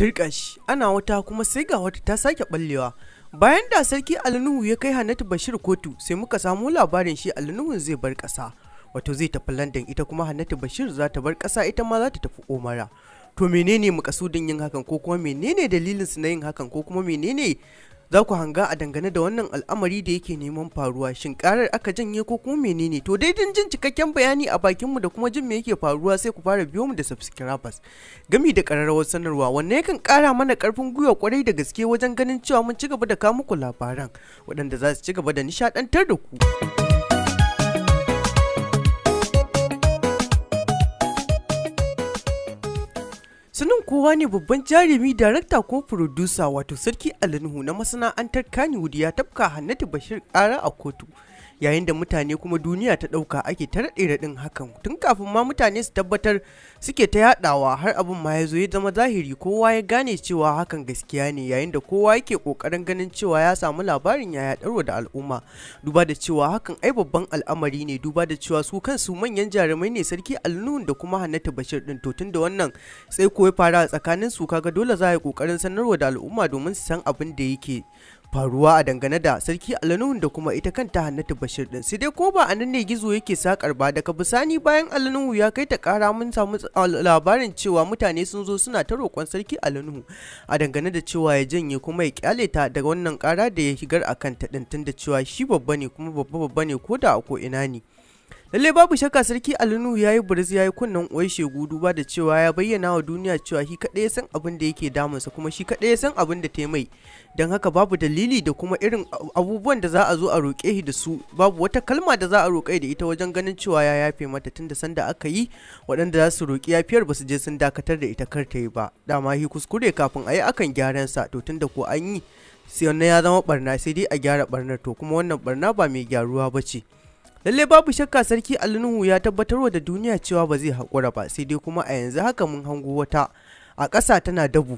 tirkash ana wata kuma sai ga wata ta sake ballewa bayan da sarki alinuhu ya kai hannatu bashir kotu sai muka samu labarin shi alinuhu zai bar kasa wato zai tafi london ita kuma hannatu bashir za ta bar kasa ita ma za ta tafi omara to menene makasudin yin hakan ko kuma menene dalilin na yin hakan ko kuma menene za ku hanga a dangane da wannan al'amari da yake neman faruwa shin karar aka janye ko kuma menene to dai daidai jin cikakken bayani a bakinmu da kuma jin me yake faruwa sai ku fara biyo mu da subscribers gami da kararrawar sanarwa wannan yakan kara mana karfin gwiwa kwarai da gaske wajen ganin cewa mun ci gaba da kawo muku labaran waɗanda za su ci gaba da nishaɗantar da ku. sanin kowa ne babban jarumi darakta ko furodusa wato sarki alinuhu na masana'antar wudi ya tafka hannatu bashir kara a kotu yayin da mutane kuma duniya ta ɗauka ake ta raɗe raɗin hakan tun kafin ma mutane su tabbatar suke ta yaɗawa har abin ma ya zo ya zama zahiri kowa ya gane cewa hakan gaskiya ne yayin da kowa yake ƙoƙarin ganin cewa ya samu labarin ya yaɗarwa da al'umma duba da cewa hakan ai babban al'amari ne duba da cewa su kansu manyan jarumai ne sarki alnun da kuma hannatu bashir ɗin to tun da wannan sai ya fara tsakanin su kaga dole za a yi ƙoƙarin sanarwa da al'umma domin su san abin da yake faruwa a dangane da sarki alanuhun da kuma ita kanta hannatu bashir din sai dai ko ba a nan ne gizo yake sakar ba daga bisani bayan alanuhu ya kai ta kara mun samu labarin cewa mutane sun zo suna ta roƙon sarki alanuhu a dangane da cewa ya janye kuma ya kyale ta daga wannan kara da ya shigar a kanta din tunda cewa shi babba ne kuma babba babba ne ko da a ko ina ne lallai babu shakka sarki Alinu ya yi yayi ya yi kunnen uwar shegu duba da cewa ya bayyana wa duniya cewa shi kaɗai san abin da yake damunsa kuma shi kaɗai san abin da ta mai. Don haka babu dalili da kuma irin abubuwan da za a zo a roƙe shi da su babu wata kalma da za a roƙe da ita wajen ganin cewa ya yafe mata tunda sanda aka yi waɗanda za su roƙi yafiyar ba su je sun dakatar da ita kar ta yi ba. Dama shi kuskure kafin a yi akan gyaran sa to tunda ko an yi sai wannan ya zama barna sai dai a gyara barnar to kuma wannan barna ba mai gyaruwa ba ce. Lalle babu shakka sarki Alinuhu ya tabbatarwa da duniya cewa ba zai haƙura ba sai dai kuma a yanzu haka mun hango wata a ƙasa tana dabu.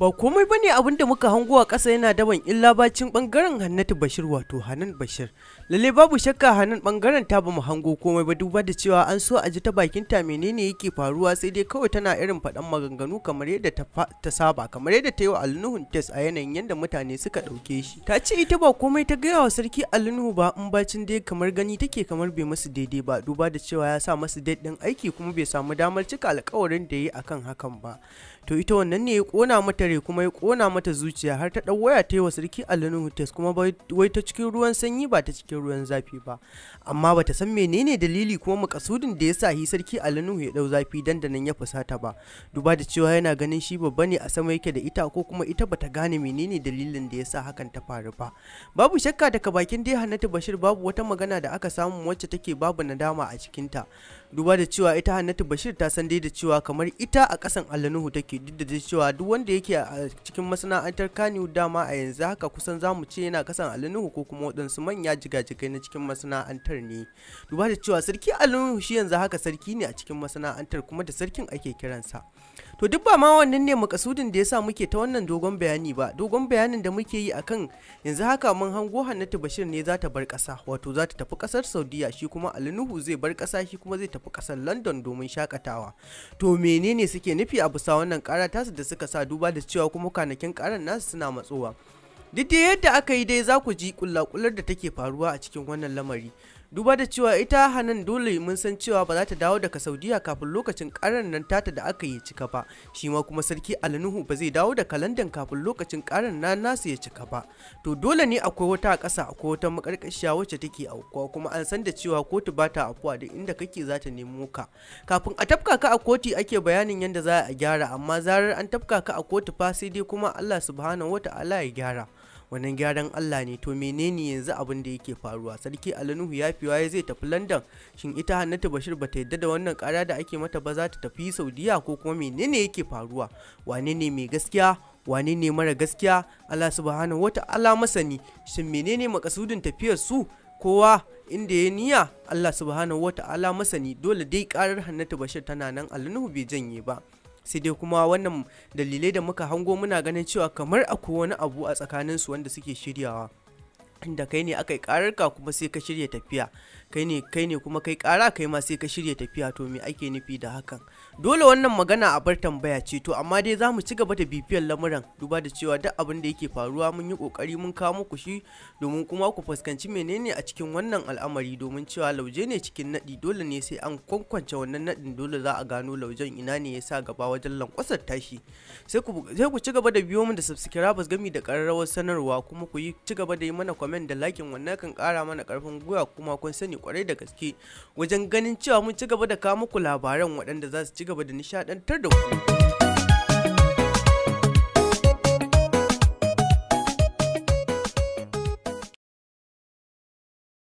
ba komai bane abin da muka hango a kasa yana daban illa bacin bangaren Hannatu Bashir wato Hanan Bashir lalle babu shakka Hanan bangaren ta ba mu hango komai ba duba da cewa an so a ji ta bakin ta menene yake faruwa sai dai kawai tana irin faɗan maganganu kamar yadda ta saba kamar yadda ta yi wa alnuhu tes a yanayin yadda mutane suka ɗauke shi ta ce ita ba komai ta gaya wa sarki Alnuhu ba in bacin dai kamar gani take kamar bai masu daidai ba duba da cewa ya sa masu daɗin aiki kuma bai samu damar cika alkawarin da ya yi akan hakan ba to ita wannan ne ya kona mata rai kuma ya kona mata zuciya har ta ɗau waya ta yi wa sarki alinu test kuma wai ta cikin ruwan sanyi ba ta cikin ruwan zafi ba amma ba ta san menene dalili kuma makasudin da ya sa hi sarki alinu ya dau zafi dandanan ya fusata ba duba da cewa yana ganin shi babba ne a sama yake da ita ko kuma ita bata gane menene dalilin da ya sa hakan ta faru ba babu shakka daga bakin dai hannatu bashir babu wata magana da aka samu wacce take babu nadama a cikinta duba da cewa ita hannatu bashir ta san da cewa kamar ita a kasan allanuhu take duk da cewa duk wanda yake a cikin masana'antar kaniyu dama a yanzu haka kusan zamu ce yana kasan allanuhu ko kuma waɗansu manya jigajigai na cikin masana'antar ne duba da cewa sarki allanuhu shi yanzu haka sarki ne a cikin masana'antar kuma da sarkin ake kiransa to duk ba ma wannan ne makasudin da yasa muke ta wannan dogon bayani ba dogon bayanin da muke yi akan yanzu haka mun hango Hannatu Bashir ne za ta bar ƙasa wato za ta tafi ƙasar Saudiya shi kuma Ali zai bar kasa shi kuma zai tafi kasar London domin shakatawa to menene suke nufi a bisa wannan kara tasu da suka sa duba da cewa kuma kanakin ƙaran nasu suna matsowa duk yadda aka yi dai za ku ji kullakular da take faruwa a cikin wannan lamari duba da cewa ita hanan dole mun san cewa ba za ta dawo daga saudiya kafin lokacin karar nan tata da aka yi cika ba shi ma kuma sarki alnuhu ba zai dawo daga london kafin lokacin karar nan nasu ya cika ba to dole ne akwai wata ƙasa akwai wata makarkashiya wacce take aukuwa kuma an san da cewa kotu ba ta afuwa da inda kake za ta nemo ka kafin a tafka ka a koti ake bayanin yadda za a gyara amma zarar an tafka ka a kotu fa sai dai kuma allah subhanahu wataala ya gyara wannan gyaran Allah ne to menene yanzu abin da yake faruwa sarki Nuhu ya fi waye zai tafi London shin ita Hannatu Bashir ba ta yadda da wannan kara da ake mata ba za ta tafi Saudiya ko kuma menene yake faruwa wane ne mai gaskiya wane ne mara gaskiya Allah subhanahu wata'ala masani shin menene makasudin tafiyar su kowa inda ya niya Allah subhanahu wata'ala masani dole dai karar Hannatu Bashir tana nan Nuhu bai janye ba sai dai kuma wannan dalilai da muka hango muna ganin cewa kamar akwai wani abu a tsakanin su wanda suke shiryawa da kai ne aka yi kararka kuma sai ka shirya tafiya kai ne kai ne kuma kai kara kai ma sai ka shirya tafiya to me ake nufi da hakan dole wannan magana a bar tambaya ce to amma dai za mu ci gaba da bibiyar lamuran duba da cewa duk abin da yake faruwa mun yi kokari mun kawo muku shi domin kuma ku fuskanci menene a cikin wannan al'amari domin cewa lauje ne cikin nadi dole ne sai an kwankwance wannan nadin dole za a gano laujen ina ne ya sa gaba wajen lankwasar tashi sai ku ku ci gaba da biyo mu da subscribers gami da kararrawar sanarwa kuma ku yi ci gaba da yi mana comment da liking wannan kan kara mana karfin gwiwa kuma kun sani kwarai da gaske wajen ganin cewa mun ci gaba da kawo muku labaran waɗanda za su ci gaba da nishadantar da ku